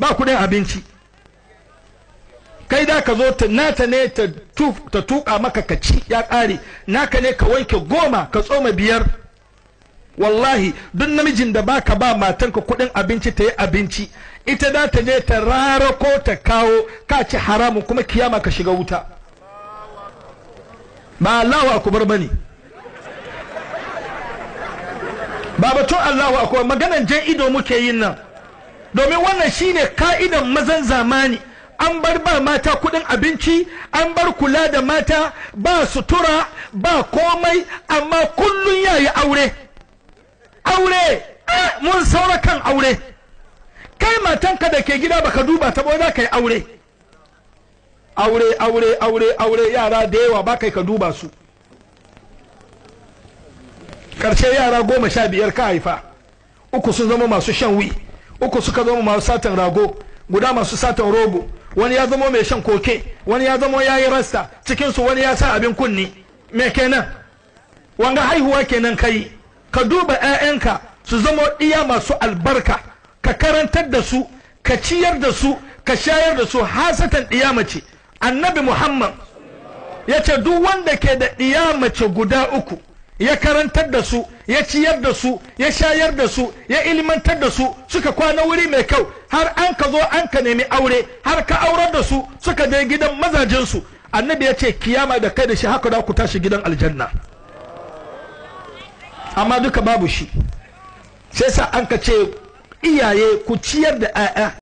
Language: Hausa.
ba kudin abinci kai da ka zo ta nata ne ta tuka maka ka ci ya ƙare naka ne ka wanke goma ka tsoma biyar wallahi duk namijin da baka ba matanka kuɗin abinci ta yi abinci ita da ta je ta rara ko ta kawo ka ci haramun kuma kiyama ka shiga wuta ba Allahu bar bane ba batun Allahu akubar maganan jan ido muke yin nan domin wannan shine ka'idan mazan zamani an bar ba mata kudin abinci an bar kula da mata ba sutura ba komai amma kullun yayi aure aure eh, mun saura kan aure kai matanka da ke gida baka duba ta ba za ka yi aure aure aure aure aure yara da yawa ba kai ka duba su karshe yara goma sha biyar ka haifa uku sun zama masu shan wi uku suka zama masu satan rago guda masu satan rogo wani ya zama mai shan koke wani ya zama ya yi rasta cikinsu wani ya sa abin kunni me kenan wanga haihuwa kenan kai ka duba 'ya'yanka su zama iya masu albarka ka karantar da su ka ciyar da su ka shayar da su hasatan mace annabi muhammad ya ce duk wanda ke da mace guda uku ya karantar da su ya ciyar da su ya shayar da su ya ilmantar da su suka kwana wuri mai kyau har an ka zo an ka nemi aure har ka aurar da su suka je gidan mazajensu annabi ya ce kiyama da kai da shi haka da ku tashi gidan aljanna amma duka babu shi sai sa an ka ce iyaye ku ciyar da 'ya'ya